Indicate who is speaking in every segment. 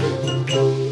Speaker 1: Thank you.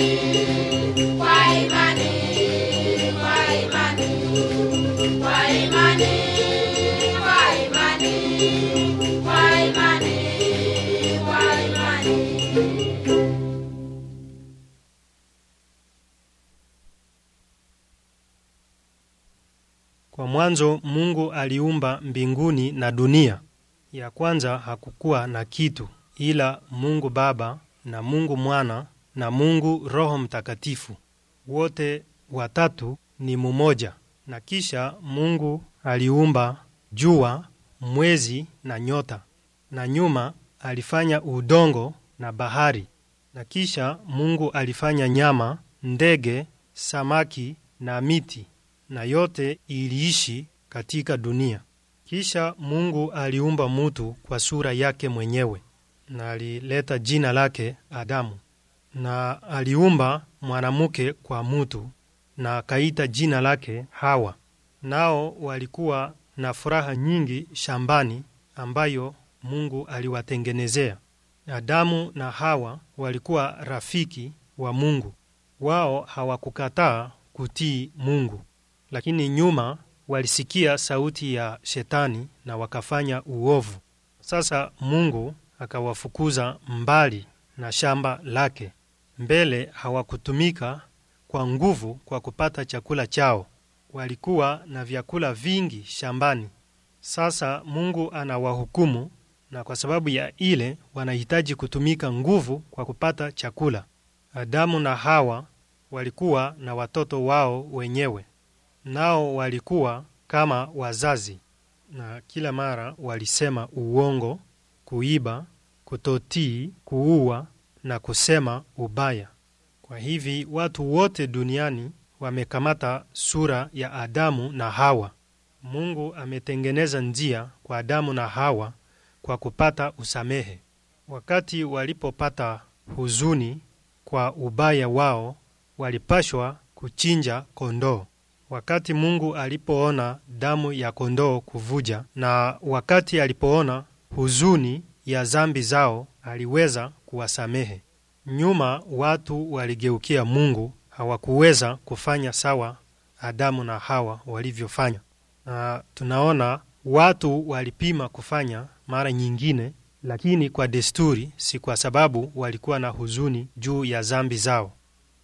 Speaker 1: Kwa
Speaker 2: mwanzo Mungu aliumba mbinguni na dunia. Ya kwanza hakukuwa na kitu ila Mungu Baba na Mungu Mwana na Mungu Roho Mtakatifu, wote watatu ni mumoja. Na kisha Mungu aliumba jua, mwezi na nyota, na nyuma alifanya udongo na bahari, na kisha Mungu alifanya nyama, ndege, samaki na miti, na yote iliishi katika dunia. Kisha Mungu aliumba mutu kwa sura yake mwenyewe na alileta jina lake Adamu na aliumba mwanamke kwa mutu na akaita jina lake Hawa. Nao walikuwa na furaha nyingi shambani ambayo Mungu aliwatengenezea. Adamu na Hawa walikuwa rafiki wa Mungu. Wao hawakukataa kutii Mungu, lakini nyuma walisikia sauti ya shetani na wakafanya uovu. Sasa Mungu akawafukuza mbali na shamba lake mbele hawakutumika kwa nguvu kwa kupata chakula chao. Walikuwa na vyakula vingi shambani. Sasa Mungu anawahukumu, na kwa sababu ya ile wanahitaji kutumika nguvu kwa kupata chakula. Adamu na Hawa walikuwa na watoto wao wenyewe, nao walikuwa kama wazazi, na kila mara walisema uongo, kuiba, kutotii, kuua na kusema ubaya. Kwa hivi watu wote duniani wamekamata sura ya Adamu na Hawa. Mungu ametengeneza njia kwa Adamu na Hawa kwa kupata usamehe. Wakati walipopata huzuni kwa ubaya wao, walipashwa kuchinja kondoo. Wakati Mungu alipoona damu ya kondoo kuvuja na wakati alipoona huzuni ya zambi zao aliweza kuwasamehe. Nyuma watu waligeukia Mungu, hawakuweza kufanya sawa Adamu na Hawa walivyofanya, na tunaona watu walipima kufanya mara nyingine, lakini kwa desturi, si kwa sababu walikuwa na huzuni juu ya zambi zao.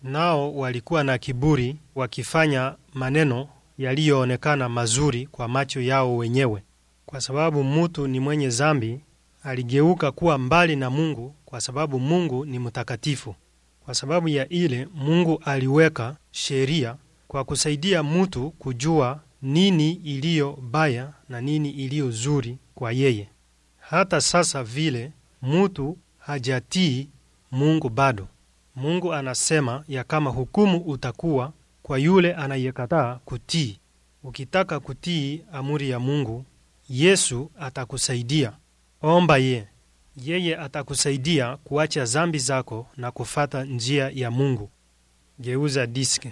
Speaker 2: Nao walikuwa na kiburi, wakifanya maneno yaliyoonekana mazuri kwa macho yao wenyewe. Kwa sababu mutu ni mwenye zambi, aligeuka kuwa mbali na Mungu kwa sababu Mungu ni mtakatifu. Kwa sababu ya ile, Mungu aliweka sheria kwa kusaidia mutu kujua nini iliyo baya na nini iliyo zuri kwa yeye. Hata sasa vile mutu hajatii Mungu bado, Mungu anasema ya kama hukumu utakuwa kwa yule anayekataa kutii. Ukitaka kutii amuri ya Mungu, Yesu atakusaidia Omba ye, yeye atakusaidia kuacha zambi zako na kufata njia ya Mungu. Geuza diski.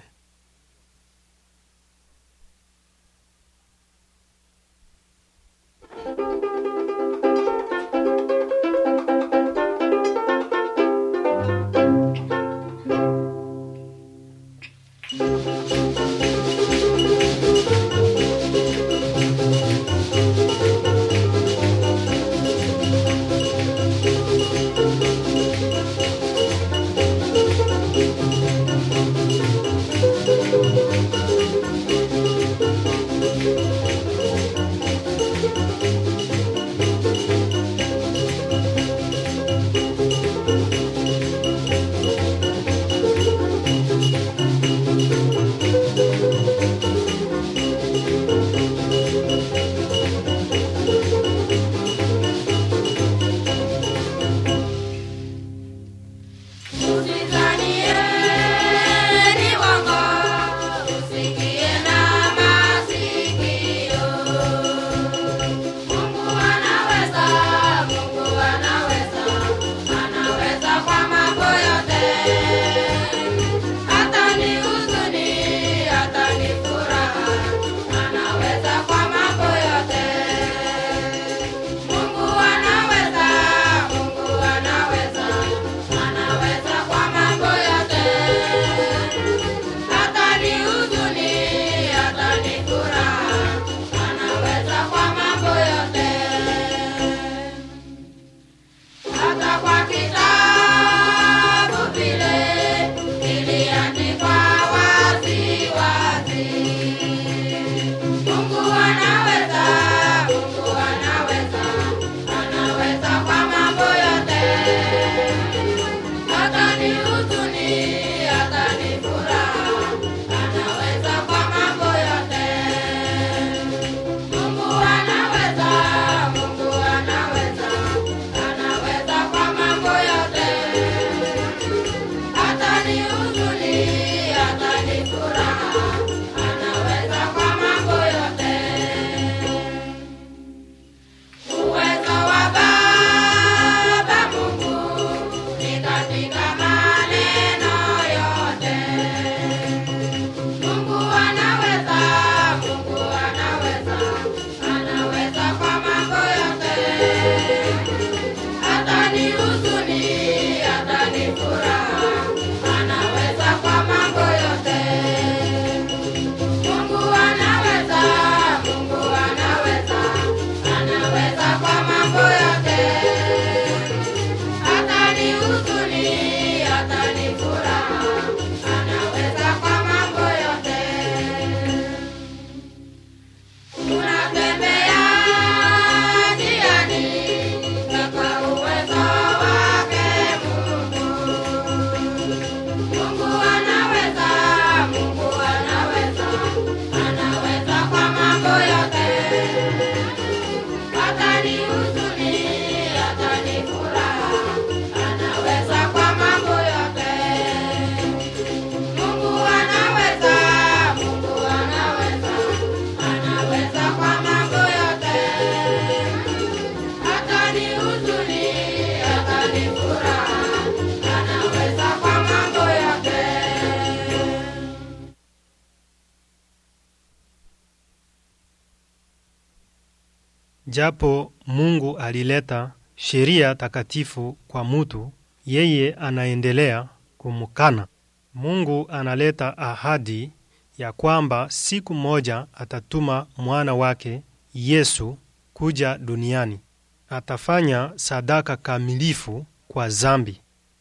Speaker 2: Japo Mungu alileta sheria takatifu kwa mutu, yeye anaendelea kumukana. Mungu analeta ahadi ya kwamba siku moja atatuma mwana wake Yesu kuja duniani. Atafanya sadaka kamilifu kwa zambi.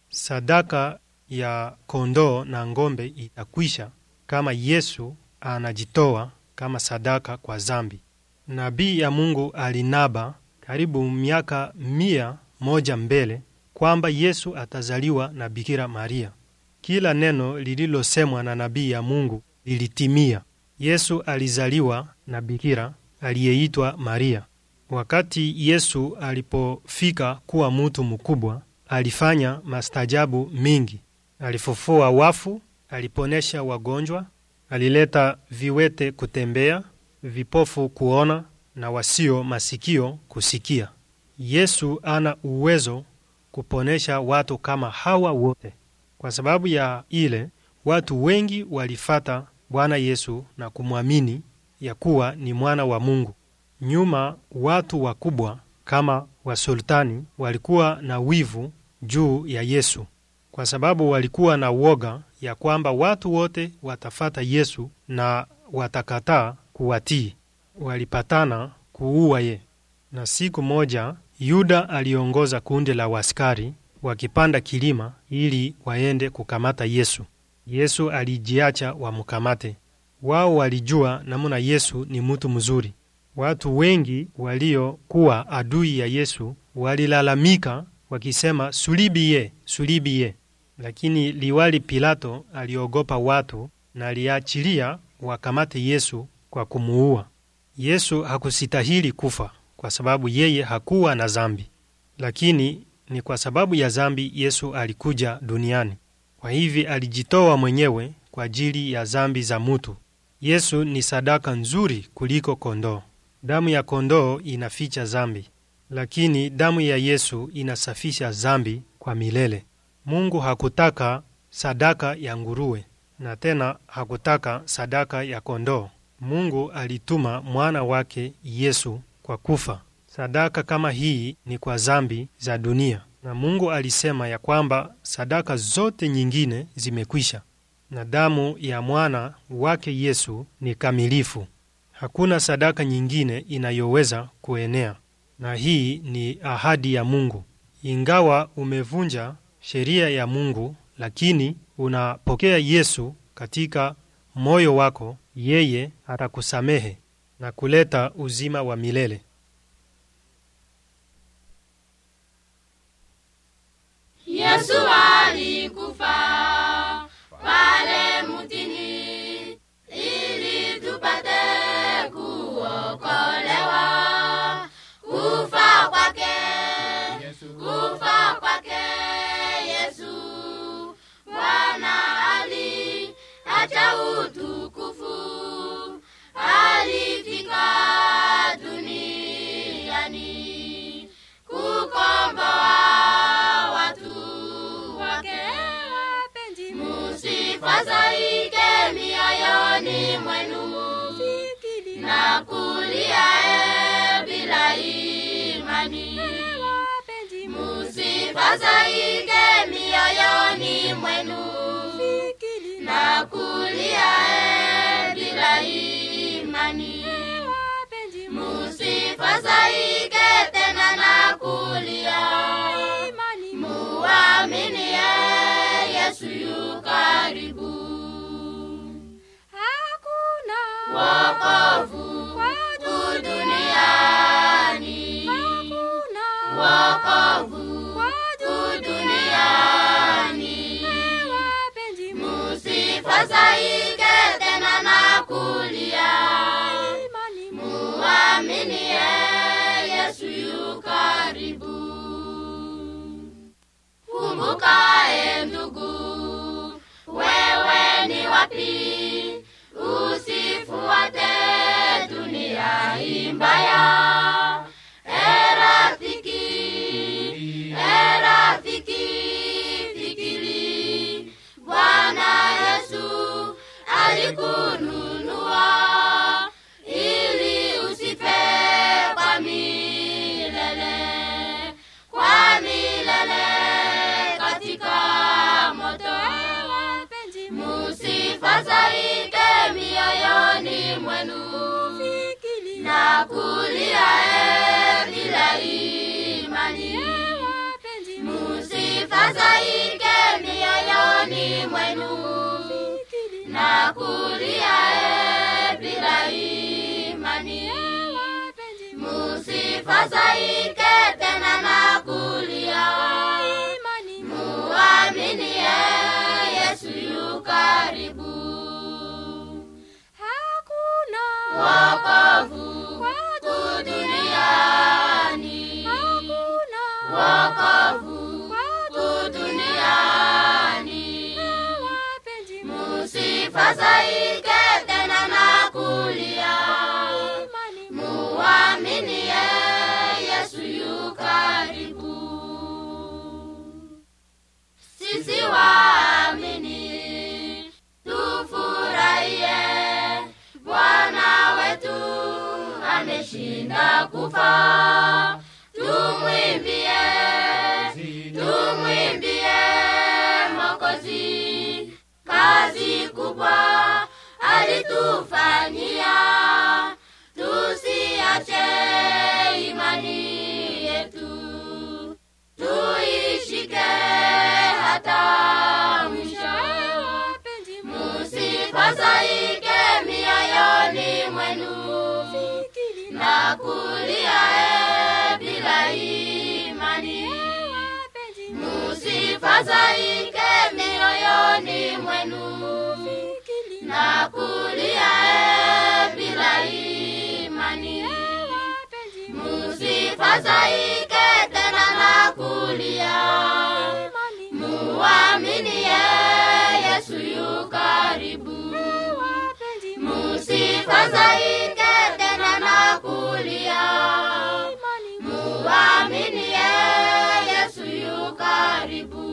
Speaker 2: Sadaka ya kondoo na ngombe itakwisha kama Yesu anajitoa kama sadaka kwa zambi nabii ya Mungu alinaba karibu miaka mia moja mbele kwamba Yesu atazaliwa na Bikira Maria. Kila neno lililosemwa na nabii ya Mungu lilitimia. Yesu alizaliwa na bikira aliyeitwa Maria. Wakati Yesu alipofika kuwa mutu mkubwa, alifanya mastajabu mingi. Alifufua wafu, aliponesha wagonjwa, alileta viwete kutembea, vipofu kuona na wasio masikio kusikia. Yesu ana uwezo kuponesha watu kama hawa wote. Kwa sababu ya ile, watu wengi walifata Bwana Yesu na kumwamini ya kuwa ni mwana wa Mungu. Nyuma, watu wakubwa kama wasultani walikuwa na wivu juu ya Yesu, kwa sababu walikuwa na woga ya kwamba watu wote watafata Yesu na watakataa kuwatii. Walipatana kuua ye, na siku moja Yuda aliongoza kundi la waskari wakipanda kilima ili waende kukamata Yesu. Yesu alijiacha wamukamate Wao walijua namuna Yesu ni mutu mzuri. Watu wengi waliokuwa adui ya Yesu walilalamika wakisema, sulibiye, sulibiye. Lakini liwali Pilato aliogopa watu na aliachilia wakamate Yesu kwa kumuua. Yesu hakusitahili kufa kwa sababu yeye hakuwa na zambi, lakini ni kwa sababu ya zambi Yesu alikuja duniani. Kwa hivi alijitoa mwenyewe kwa ajili ya zambi za mutu. Yesu ni sadaka nzuri kuliko kondoo. Damu ya kondoo inaficha zambi, lakini damu ya Yesu inasafisha zambi kwa milele. Mungu hakutaka sadaka ya nguruwe na tena hakutaka sadaka ya kondoo. Mungu alituma mwana wake Yesu kwa kufa. Sadaka kama hii ni kwa zambi za dunia, na Mungu alisema ya kwamba sadaka zote nyingine zimekwisha, na damu ya mwana wake Yesu ni kamilifu. Hakuna sadaka nyingine inayoweza kuenea, na hii ni ahadi ya Mungu. Ingawa umevunja sheria ya Mungu, lakini unapokea Yesu katika moyo wako yeye atakusamehe na kuleta uzima wa milele.
Speaker 1: sasa ige mioyoni mwenu na kulia e bila hii Mwamini ee, Yesu yu karibu. Kumbuka e ndugu,
Speaker 2: wewe ni wapi
Speaker 1: Usihangaike tena na kulia, muamini Yesu yu karibu. Hakuna wokovu duniani, hakuna wokovu duniani. Musifadhaike. kulia e bila imani. Musifadhaike mioyoni mwenu na kulia e bila imani. Musifadhaike tena na kulia, muamini ye Yesu yu karibu. Musifadhaike na kulia, muamini Yesu yu karibu.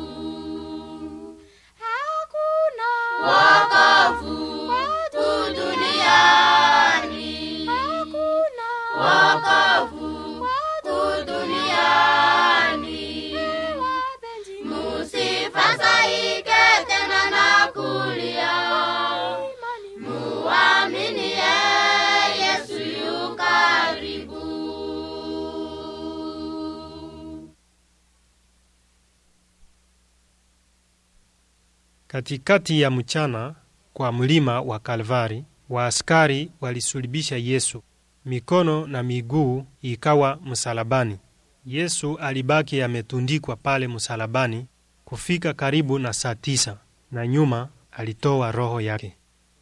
Speaker 2: Katikati ya mchana kwa mlima wa Kalvari, waaskari walisulibisha Yesu, mikono na miguu ikawa msalabani. Yesu alibaki ametundikwa pale msalabani kufika karibu na saa tisa, na nyuma alitoa roho yake.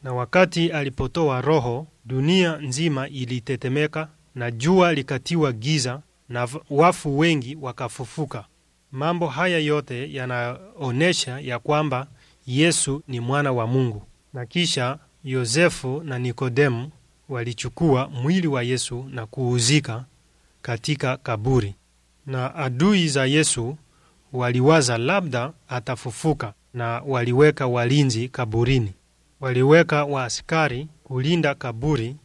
Speaker 2: Na wakati alipotoa roho, dunia nzima ilitetemeka na jua likatiwa giza na wafu wengi wakafufuka. Mambo haya yote yanaonyesha ya kwamba Yesu ni mwana wa Mungu. Na kisha Yosefu na Nikodemu walichukua mwili wa Yesu na kuuzika katika kaburi. Na adui za Yesu waliwaza labda atafufuka, na waliweka walinzi kaburini. Waliweka waaskari kulinda kaburi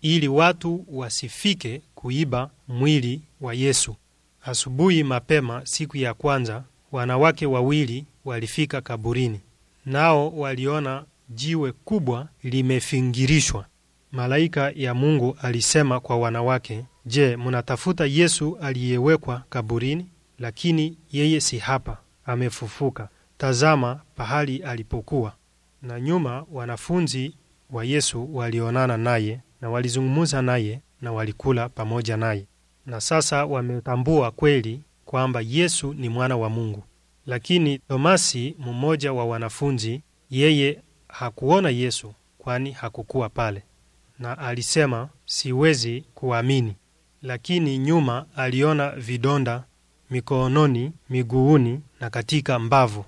Speaker 2: ili watu wasifike kuiba mwili wa Yesu. Asubuhi mapema siku ya kwanza, wanawake wawili walifika kaburini nao waliona jiwe kubwa limefingirishwa. Malaika ya Mungu alisema kwa wanawake, Je, munatafuta Yesu aliyewekwa kaburini? Lakini yeye si hapa, amefufuka. Tazama pahali alipokuwa. Na nyuma wanafunzi wa Yesu walionana naye na walizungumza naye na walikula pamoja naye, na sasa wametambua kweli kwamba Yesu ni mwana wa Mungu. Lakini Tomasi, mmoja wa wanafunzi, yeye hakuona Yesu kwani hakukuwa pale, na alisema siwezi kuamini. Lakini nyuma aliona vidonda mikononi, miguuni na katika mbavu,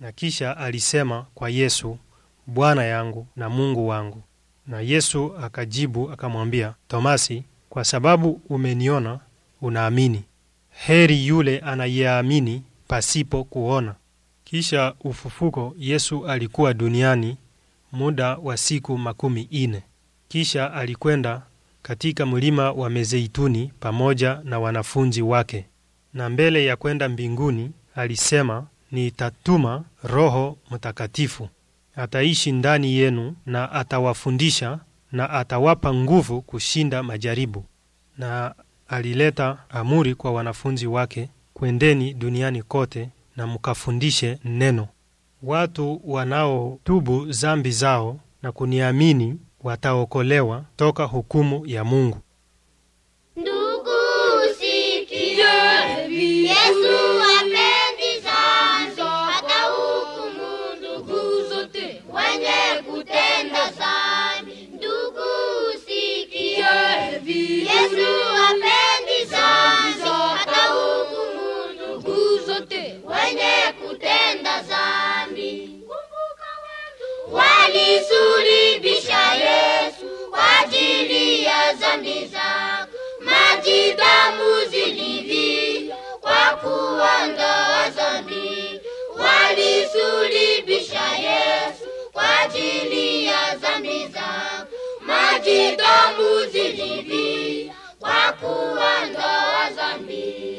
Speaker 2: na kisha alisema kwa Yesu, Bwana yangu na Mungu wangu. Na Yesu akajibu akamwambia Tomasi, kwa sababu umeniona unaamini. Heri yule anayeamini pasipo kuona. Kisha ufufuko, Yesu alikuwa duniani muda wa siku makumi ine. Kisha alikwenda katika mlima wa Mezeituni pamoja na wanafunzi wake, na mbele ya kwenda mbinguni alisema, nitatuma Roho Mtakatifu, ataishi ndani yenu na atawafundisha na atawapa nguvu kushinda majaribu. Na alileta amuri kwa wanafunzi wake kwendeni duniani kote na mkafundishe neno. Watu wanaotubu zambi zao na kuniamini wataokolewa toka hukumu ya Mungu.
Speaker 1: Ndugu, sikia Yesu Unisulibisha Yesu kwa ajili ya dhambi zangu, maji damu zilivia kwa kuondoa dhambi. Walisulibisha Yesu kwa ajili ya dhambi zangu, maji damu zilivia kwa kuondoa dhambi.